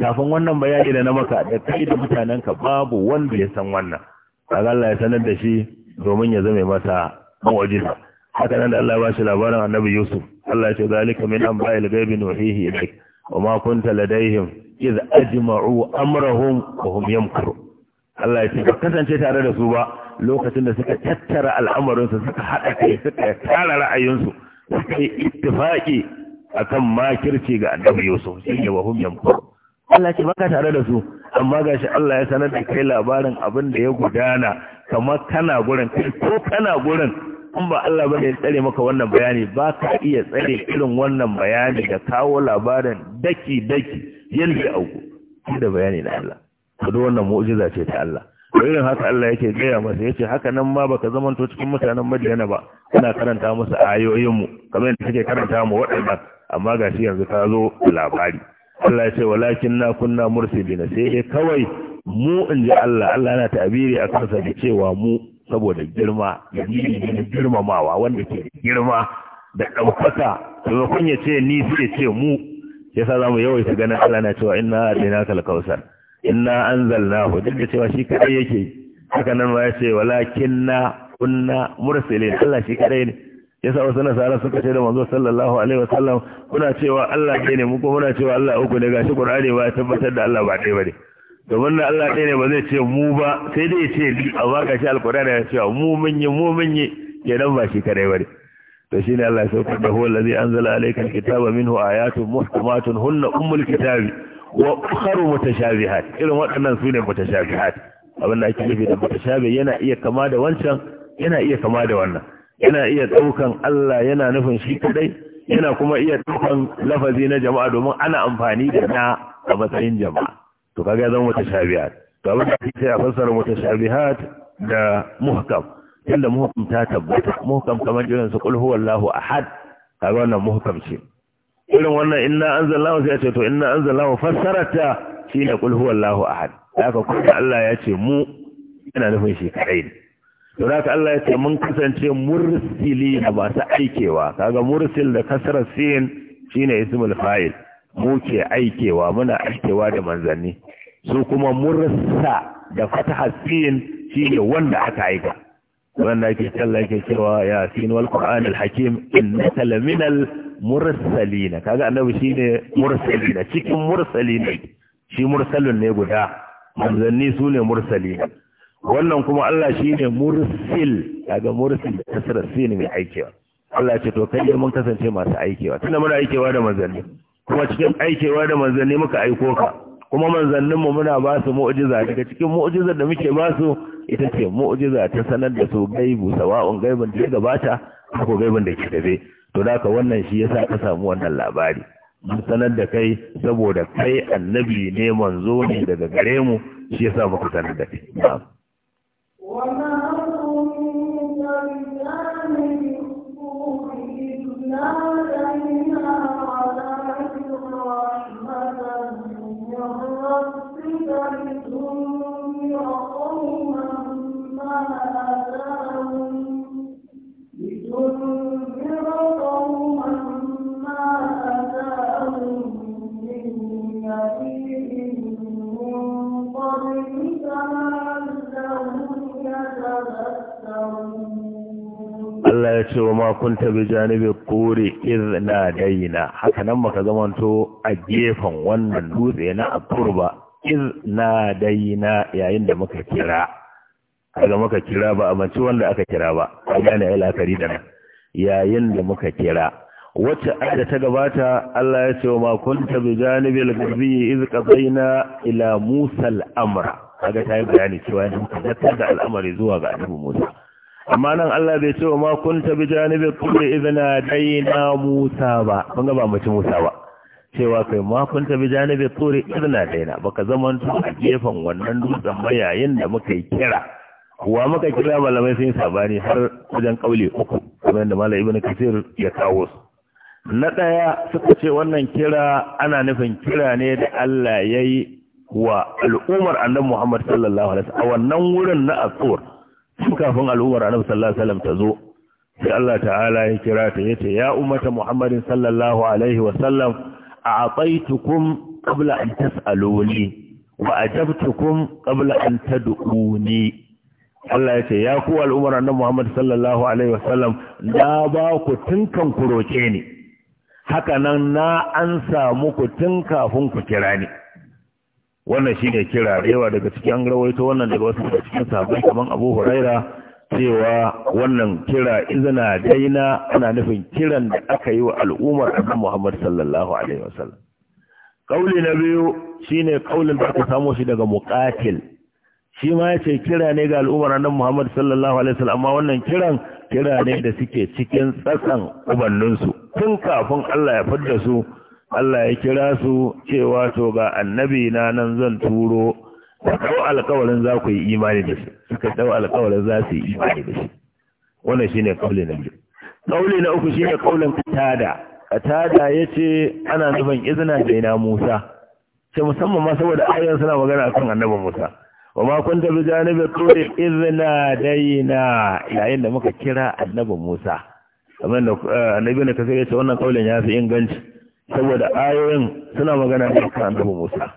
kafin wannan bayani da na maka da kai da mutanenka babu wanda ya san wannan kaga Allah ya sanar da shi domin ya zame masa mu'jiza haka nan da Allah ya bashi labarin Annabi Yusuf Allah ya ce zalika min anba'il ghaibi nuhihi ilayk wa ma kunta ladaihim iz ajma'u amrahum wa hum yamkuru Allah ya ce ba kasance tare da su ba lokacin da suka tattara al'amarin su suka hada kai suka tara ra'ayinsu suka yi ittifaqi akan makirci ga Annabi Yusuf ne wa hum yamkuru Allah ce baka tare da su amma gashi Allah ya sanar da kai labarin abin da ya gudana kamar kana gurin kai ko kana gurin in ba Allah ba ya tsare maka wannan bayani ba ka iya tsare irin wannan bayani da kawo labarin daki daki a auku da bayani na Allah da wannan mu'jiza ce ta Allah irin haka Allah yake gaya masa yace haka nan ma baka zamanto cikin mutanen Madina ba kana karanta musu ayoyin mu kamar yadda kake karanta mu waɗannan amma gashi yanzu ka zo labari Allah ya ce walakin na kunna mursilina sai dai kawai mu in ji Allah Allah yana ta'abiri a kansa da cewa mu saboda girma da ne girmamawa wanda ke girma da ɗaukaka kun ya ce ni sai ce mu ya sa zamu yawaita ganin Allah na cewa inna adina kal kausar inna anzalnahu duk da cewa shi kadai yake haka nan ma ya ce walakin na kunna mursilin Allah shi kadai ne Ya sa wasu nasara suka ce da manzo sallallahu alaihi wasallam kuna cewa Allah ɗaya ne muku, kuna cewa Allah uku ne gashi Qur'ani ba ya tabbatar da Allah ba ɗaya bane domin da Allah ɗaya ne ba zai ce mu ba sai dai ya ce ni amma gashi alqur'ani ya ce mu mun yi mu mun yi kenan ba shi kadai bane to shine Allah ya saukar da huwa allazi anzala alayka alkitaba minhu ayatun muhkamatun hunna ummul kitabi wa ukharu mutashabihat irin waɗannan su ne mutashabihat abin da ake nufi da mutashabi yana iya kama da wancan yana iya kama da wannan yana iya ɗaukan Allah yana nufin shi kadai yana kuma iya ɗaukan lafazi na jama'a domin ana amfani da na a matsayin jama'a to kaga zan wata shabihat to abin da ake sai a fassara wata shabihat da muhkam tunda muhkam ta tabbata muhkam kamar irin su qul huwallahu ahad kaga wannan muhkam ce irin wannan inna anzalallahu sai ce to inna anzalallahu fassarata shine qul huwallahu ahad haka kuma Allah ya ce mu yana nufin shi kadai don haka Allah ya ce mun kasance mursili ba masu aikewa kaga mursil da kasara sin shine ismul fa'il mu ke aikewa muna aikewa da manzanni su kuma mursa da fataha sin shine wanda aka aika wanda yake Allah ke cewa ya sin wal qur'an al hakim na talaminal mursalina kaga annabi shine mursalina cikin mursalina shi mursalin ne guda manzanni su ne mursalina wannan kuma Allah shi ne mursil daga mursil kasra sin mai aikewa Allah ce to kai mun kasance masu aikewa tunda muna aikewa da manzanni kuma cikin aikewa da manzanni muka aiko ka kuma manzanninmu muna ba su mu'jiza daga cikin mu'jizar da muke ba su ita ce mu'jiza ta sanar da su gaibu sawa'un gaibin da ya gabata ko gaibin da ke gabe to da wannan shi yasa ka samu wannan labari mun sanar da kai saboda kai annabi ne manzo ne daga gare mu shi yasa muka sanar da kai وما كنت بجانب الطور إذ نادى ma kunta bi janibi quri na nadaina haka nan muka zamanto a gefen wannan dutse na akurba idh nadaina yayin da muka kira kaga muka kira ba a ci wanda aka kira ba kaga ne kari da nan yayin da muka kira wacce ayata ta gabata Allah ya ce wa ma kunta bi janibi al-ghurbi iz qadaina ila Musa al-amra kaga ta yi bayani cewa in ka da al'amari zuwa ga Annabi Musa amma nan Allah bai ce wa ma kunta bi janibi kulli idna daina Musa ba kun ga ba mutum Musa ba cewa kai ma kunta bi janibi turi idna daina baka zaman to a gefen wannan dutsen ba da muka yi kira wa muka kira malamai sun sabani har wajen kauli uku kamar da malai ibnu kasir ya kawo su na daya suka ce wannan kira ana nufin kira ne da Allah yayi wa al'ummar annabi Muhammad sallallahu alaihi wasallam a wannan wurin na Asur kafin al'ummar annabi sallallahu alaihi ta zo sai Allah ta'ala ya kira ta yace ya ummata muhammadin sallallahu alaihi wasallam a'taitukum qabla an tas'aluni wa ajabtukum qabla an tad'uni Allah ya ce ya ku al'ummar annabi Muhammad sallallahu alaihi wasallam na ba ku tunkan ku roke ni haka nan na an samu ku tun kafin ku kira ni wannan shine kira rewa daga cikin an rawaito wannan daga wasu daga cikin sabon kamar Abu Huraira cewa wannan kira izina daina ana nufin kiran da aka yi wa al'ummar Annabi Muhammad sallallahu alaihi wasallam kauli na biyu shine kaulin da aka samu shi daga muqatil shi ma yace kira ne ga al'ummar Annabi Muhammad sallallahu alaihi wasallam amma wannan kiran kira ne da suke cikin tsatsan ubanninsu tun kafin Allah ya fadda su Allah ya kira su cewa to ga annabi na nan zan turo da dau alƙawarin za ku yi imani da shi suka dau alƙawarin za su yi imani da shi wannan shine kauli na biyu kauli na uku shine kaulin katada katada yace ana nufin izina da ina Musa sai musamman ma saboda ayoyin suna magana akan annabi Musa wa ma kunta bi janibi turi izna daina yayin da muka kira annabi Musa kamar eh, annabi ne kace wannan kaulin ya fi inganci saboda ayoyin suna magana ne kan annabi Musa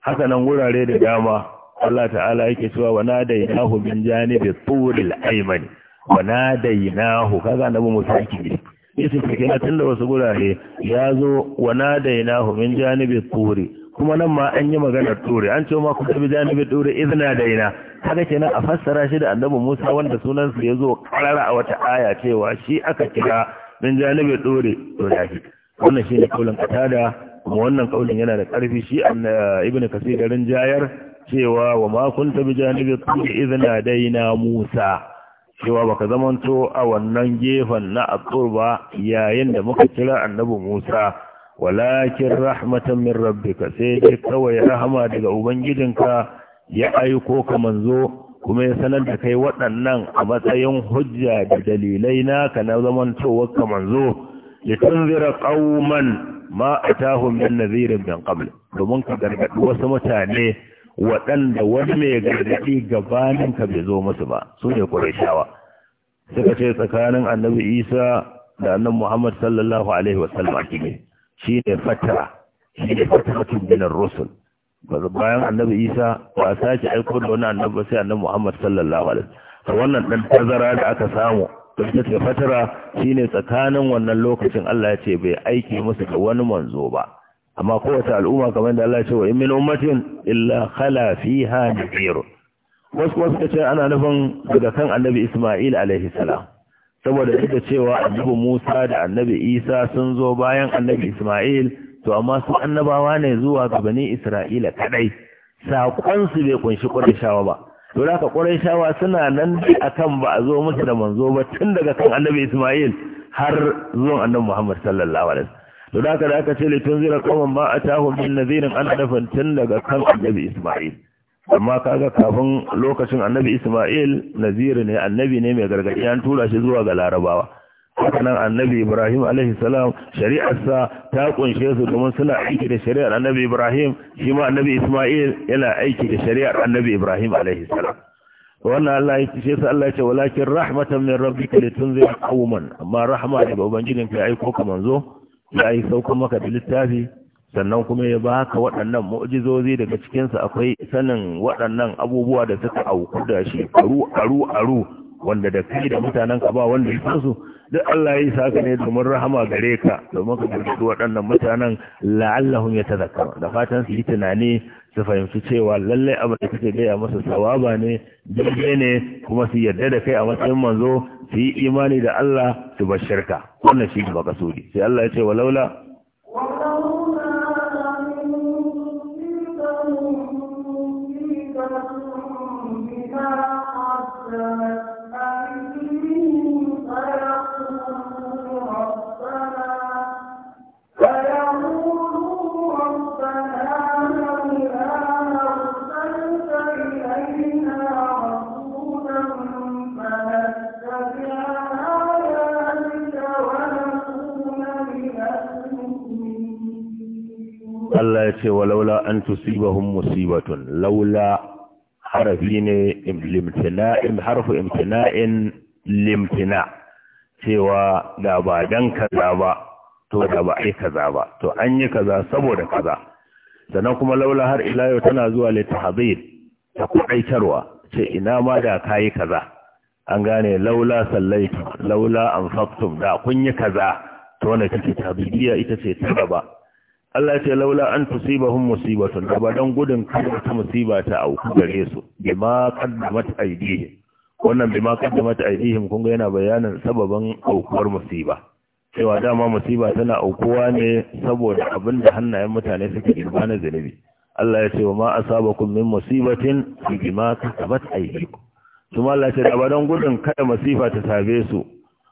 haka nan wurare da dama Allah ta'ala yake cewa wa nadainahu min janibi turil ayman wa nadainahu kaga annabi Musa yake ne yace cikin tun da wasu gurare ya zo wa nadainahu min janibi turi kuma nan ma an yi maganar turi an ce ma ku tabi janibi turi idna daina haka kenan a fassara shi da annabi Musa wanda sunan sa yazo karara a wata aya cewa shi aka kira min janibi turi to da wannan shi ne kaulin katada kuma wannan kaulin yana da ƙarfi shi an ibn kasir garin jayar cewa wa ma kunta bi janibi tuli idna daina musa cewa baka zamanto a wannan gefen na atsur ba yayin da muka kira annabi musa walakin rahmatan min rabbika sai dai kawai rahama daga ubangijinka ya aiko ka manzo kuma ya sanar da kai waɗannan a matsayin hujja da dalilai naka na zamantowar ka manzo litunzira qauman ma atahum min nadhirin min qabl domin ka gargadi wasu mutane waɗanda wani mai gargadi gabanin ka bai zo musu ba su ne qurayshawa suka ce tsakanin annabi Isa da annabi Muhammad sallallahu alaihi wasallam akime shine fatara Shi ne min ar-rusul bayan annabi Isa ba sake aiko da wani annabi sai annabi Muhammad sallallahu alaihi wa wasallam wannan dan tazara da aka samu to fatara shine tsakanin wannan lokacin Allah ya ce bai aiki musu da wani manzo ba amma kowace al'umma kamar da Allah ya ce wa in min ummatin illa khala fiha nadhir wasu wasu ce ana nufin daga kan annabi Isma'il alaihi salam saboda ita cewa annabi Musa da annabi Isa sun zo bayan annabi Isma'il to amma su annabawa ne zuwa ga bani Isra'ila kadai saƙon su bai kunshi Qurayshawa ba don haka ƙwarai suna nan akan ba a zo musu da manzo ba tun daga kan annabi ismail har zuwan annabi muhammad sallallahu alaihi wasallam don haka da aka ce litun zira qawman ba a taho min nadirin an nufin tun daga kan annabi ismail amma kaga kafin lokacin annabi ismail naziri ne annabi ne mai gargadi an tura shi zuwa ga larabawa hakanan annabi ibrahim alaihi shari'arsa ta kunshe su domin suna aiki da shari'ar annabi ibrahim shi ma annabi isma'il yana aiki da shari'ar annabi ibrahim alaihi salam wannan Allah ya ce sai Allah ya ce walakin rahmatan min rabbika litunzir qauman amma rahma daga ubangijin ka aiko ka manzo ya yi saukan maka da littafi sannan kuma ya baka waɗannan mu'jizozi daga cikin sa akwai sanin waɗannan abubuwa da suka auku da shi aru aru aru wanda da kai da mutanen ka ba wanda ya fasu duk Allah ya saka ne domin rahama gare ka domin ka gargaɗi waɗannan mutanen ta yatazakkaru da fatan su yi tunani su fahimci cewa lallai abin da kake gaya masa sawaba ne daidai ne kuma su yarda da kai a matsayin manzo su yi imani da Allah su bar shirka wannan shi ba kasudi sai Allah ya ce walaula Thank you. Allah ya ce walaula an tusibahum musibatun laula harafi ne limtina'in harfu imtina'in limtina cewa da ba dan kaza ba to da ba ai kaza ba to an yi kaza saboda kaza sannan kuma laula har ila yau tana zuwa litahzir ta kudaitarwa ce ina ma da kai kaza an gane laula sallaitu laula anfaqtum da kun yi kaza to wannan take tabidiya ita ce ta gaba Allah ce laula an tusibahum musibatun ba don gudun kada ta musiba ta auku gare su bima qaddamat aidihim wannan bima qaddamat aydihim kun ga yana bayanin sababan aukuwar musiba cewa dama musiba tana aukuwa ne saboda abinda hannayen mutane suke girma na zanibi Allah ya ce wa ma asabakum min musibatin bima qaddamat aydikum kuma Allah ce da ba gudun kada musiba ta tabe su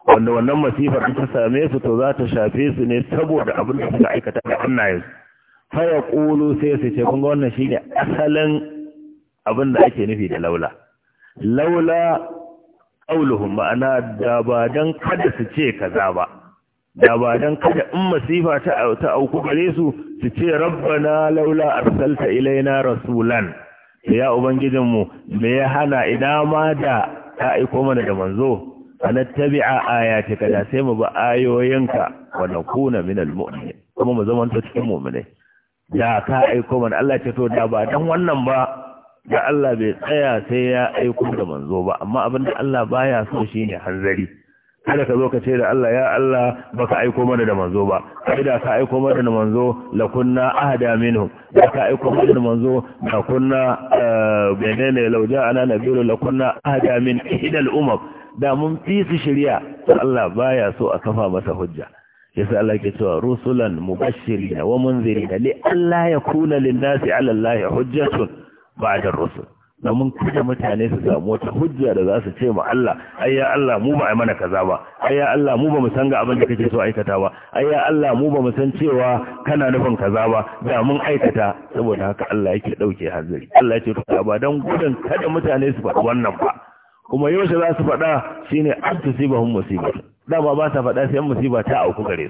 wanda wannan masifar ta same su to za ta shafe su ne saboda abin da suka aikata da hannayensu faya kulu sai su ce kunga wannan shi ne asalin abin da ake nufi da laula laula ƙauluhun ma'ana da ba don kada su ce kaza ba da ba don kada in masifa ta auku gare su su ce rabbana laula arsalta ilaina rasulan ya ubangijinmu me ya hana ina ma da ta aiko mana da manzo fanattabi'a ayatika da sai mu bi ayoyinka wa nakuna minal mu'minin kuma mu zama cikin mu'minai da ka aiko mana Allah ce to da ba dan wannan ba da Allah bai tsaya sai ya aiko da manzo ba amma abin da Allah baya so shine hanzari kada ka zo ka ce da Allah ya Allah baka aiko mana da manzo ba kai da ka aiko mana da manzo la ka aiko mana da manzo benene da mun fi su shirya to Allah baya so a kafa masa hujja yasa Allah ke cewa rusulan mubashirin wa munzirin li alla yakuna lin-nasi 'ala Allah hujjatun ba'da ar-rusul mun kada mutane su samu wata hujja da za su ce ma Allah ai ya Allah mu ba ai mana kaza ba ai ya Allah mu ba mu san ga abin da kake so aikata ba ai ya Allah mu ba mu san cewa kana nufin kaza ba da mun aikata saboda haka Allah yake dauke hanzari Allah ya ce ba dan gudun kada mutane su faɗi wannan ba kuma yaushe za su faɗa shi ne an hun musiba dama ba ta faɗa sai musiba ta auku gare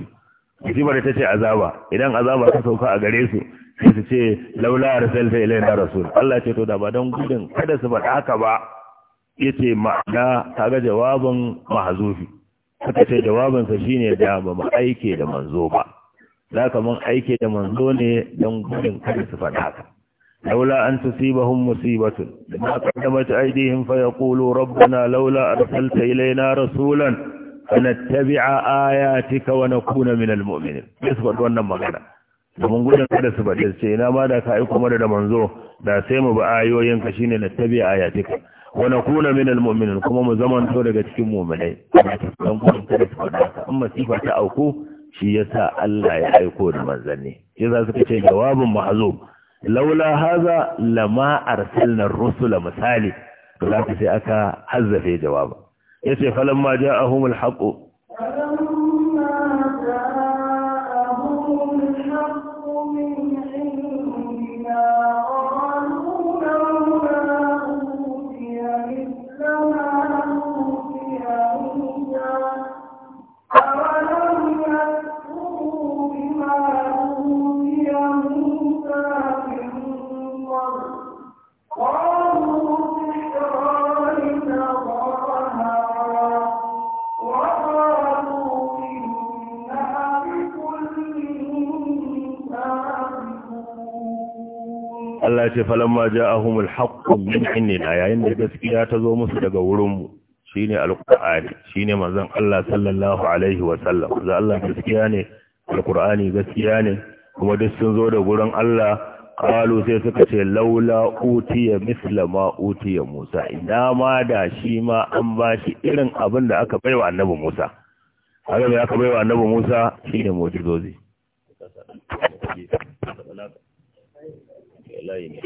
su da ta ce azaba idan azaba ta sauka a gare su sai su ce laula ilai ilaina rasul Allah ce to da ba don gudun kada su faɗa haka ba ce ma'ana ga jawabin mahzufi haka ce jawabinsa shi ne da ba mu aike da manzo ba Za ka man aike da manzo ne don gudun kada su faɗa haka لولا أن تصيبهم مصيبة لما قدمت أيديهم فيقولوا ربنا لولا أرسلت إلينا رسولا فنتبع آياتك ونكون من المؤمنين يثبت وانا مغنى domin gudun kada su baɗe ce ina ma da ka aiko mana da manzo da sai mu ba ayoyin shine na tabi ayatika wa nakuna min almu'minin kuma mu zaman daga cikin mu'minai dan gudun kada su ta auku shi Allah ya aiko manzanni shi za su ce jawabin mahzub laula haza lama arsalna rusula misali to za sai aka hazzafe jawaba yace falamma ja'ahumul haqq Allah ya ce falamma ja'ahumul haqqu min na yayin da gaskiya ta zo musu daga wurinmu shine alqur'ani shine manzon Allah sallallahu alaihi wa sallam Allah gaskiya ne alqur'ani gaskiya ne kuma duk sun zo da wurin Allah qalu sai suka ce laula utiya misla ma utiya Musa inda ma da shi ma an bashi irin abin da aka baiwa annabi Musa haka da aka baiwa annabi Musa shine mu'jizozi Thank layi ne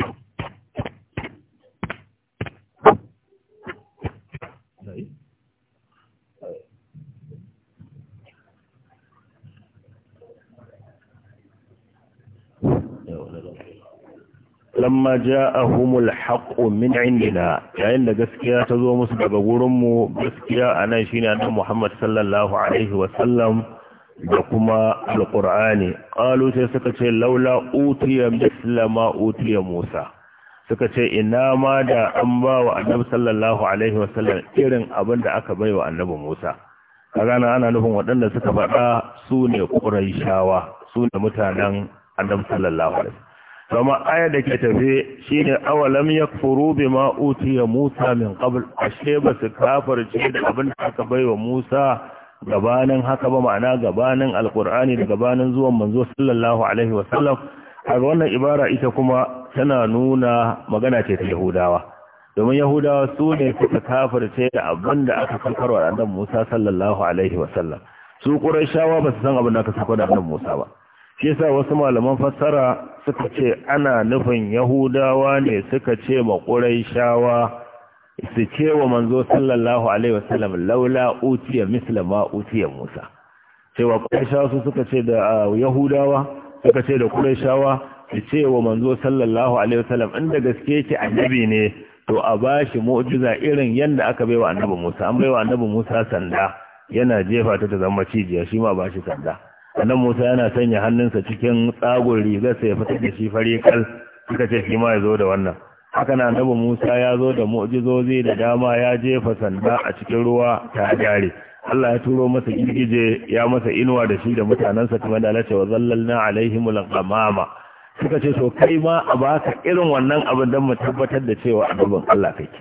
lamma ja'ahumul haqqu min indina yayin da gaskiya ta zo musu daga gurinmu gaskiya anan shine annabi Muhammad sallallahu alaihi wa sallam da kuma alƙur'ani ƙalu sai suka ce laula utiya misla ma utiya musa suka ce ina ma da an ba wa annabi sallallahu alaihi wasallam irin abin da aka bai wa annabi musa a ana nufin waɗanda suka faɗa su ne shawa, su ne mutanen annabi sallallahu alaihi kuma aya da ke tafe shine awalam yakfuru bima utiya musa min qabl ashe ba su kafirce da abin da aka bai wa musa gabanin haka ba ma'ana gabanin alkur'ani da gabanin zuwan manzo sallallahu alaihi wasallam har wannan ibara ita kuma tana nuna magana ce ta yahudawa domin yahudawa su ne suka kafirce da abin aka kafarwa wa annabi Musa sallallahu alaihi wasallam su qurayshawa ba su san abin da aka kafarwa da annabi Musa ba shi yasa wasu malaman fassara suka ce ana nufin yahudawa ne suka ce ma qurayshawa su ce wa manzo sallallahu alaihi wasallam laula utiya misla ma utiya Musa cewa Quraishawa su suka ce da Yahudawa suka ce da kuraishawa su ce wa manzo sallallahu alaihi wasallam inda gaske yake annabi ne to a bashi mu'jiza irin yanda aka bai wa annabi Musa an bai wa annabi Musa sanda yana jefa ta ta zama cijiya shi ma bashi sanda annabi Musa yana sanya hannunsa cikin tsagon rigarsa ya fita da shi fari kal suka ce shi ma ya zo da wannan haka na Musa ya zo da mu'jizozi da dama ya jefa sanda a cikin ruwa ta jare. Allah ya turo masa girgije ya masa inuwa da shi da mutanansa kuma da lace wa zallalna alaihim alqamama suka ce to kai ma a baka irin wannan abin don mu tabbatar da cewa annabin Allah kake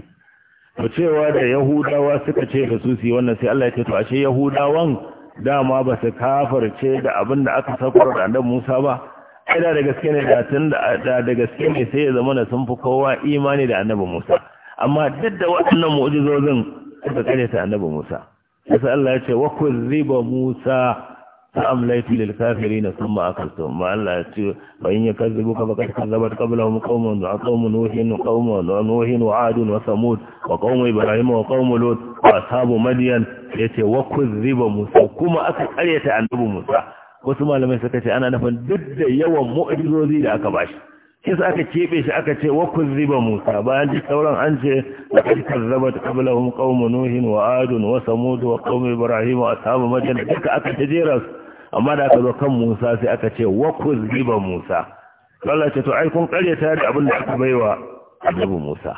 to cewa da yahudawa suka ce da su su wannan sai Allah ya ce to ashe yahudawan dama ba su kafirce da abin da aka saukar da annabi Musa ba haida da gaske ne da tun da gaske ne sai ya zama na sun fi kowa imani da annabi musa amma duk da waɗannan mu'ujizozin suka kare ta annabi musa sai Allah ya ce wa kuzziba musa fa amlaytu lil kafirin thumma akaltu ma Allah ya ce fa in yakazibu ka bakat kazabat qablahum qaumun wa qaumun nuhin wa qaumun nuhin wa adun wa samud wa qaumun ibrahim wa qaumun lut wa ashabu madyan yace wa kuzziba musa kuma aka kare ta annabi musa wasu malamai suka ce ana nufin duk da yawan mu'ajizozi da aka bashi shi sa aka keɓe shi aka ce wa kuzziba Musa bayan duk sauran an ce laqad kazzabat qablahum qaumu nuhin wa adun wa samud wa qaumu ibrahim wa ashabu madyan duka aka tajera su amma da aka zo kan Musa sai aka ce wa kuzziba Musa Allah ce to ai kun karyata da abin da aka baiwa annabi Musa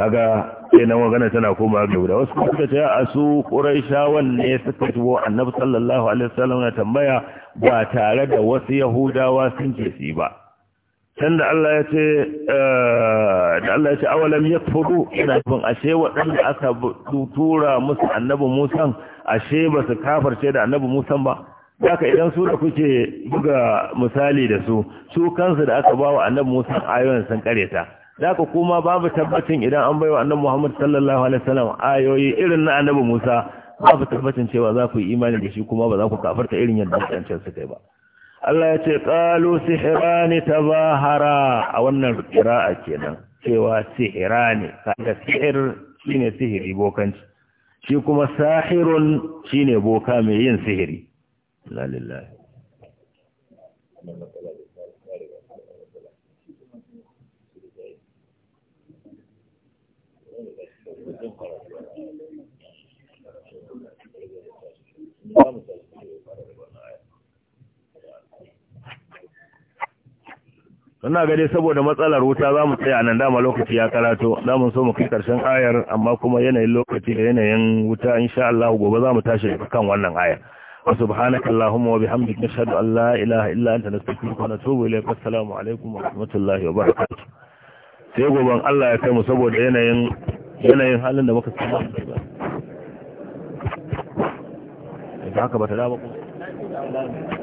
kaga sai na magana tana koma ga guda wasu suka ce a su quraishawan ne suka tuwo annabi sallallahu alaihi wasallam na tambaya ba tare da wasu yahudawa sun ce su ba can da Allah ya ce eh, da Allah ya ce awalam yakfuru ina bin ashe waɗanda aka tura musu annabi Musa ashe ba su kafarce da annabi Musa ba Daka idan su da kuke buga misali da su su kansu da aka wa annabi Musa ayoyin sun kareta Daka kuma babu tabbacin idan an baiwa annabi Muhammad sallallahu alaihi wasallam ayoyi irin na annabi Musa babu tabbacin cewa za ku yi imani da shi kuma ba za ku kafarta irin yadda wancan suka yi ba. Allah ya ce qalu sihrani tabahara a wannan qira'a kenan cewa sihirani kaga sihir shine sihiri bokanci shi kuma sahirun shine boka mai yin sihiri la Suna gade saboda matsalar wuta za mu tsaya nan dama lokaci ya karato, za mu so mu kai karshen ayar amma kuma yanayin lokaci da yanayin wuta sha Allah gobe za mu tashi kan wannan ayar. Wa subhanaka Allahumma wa bihamdika nashhadu an la ilaha illa anta nastaghfiruka wa natubu ilayk. Assalamu alaikum wa rahmatullahi wa barakatuh. Sai goben Allah ya kai mu saboda yanayin yanayin halin da muka samu. da haka ba ta dawo ba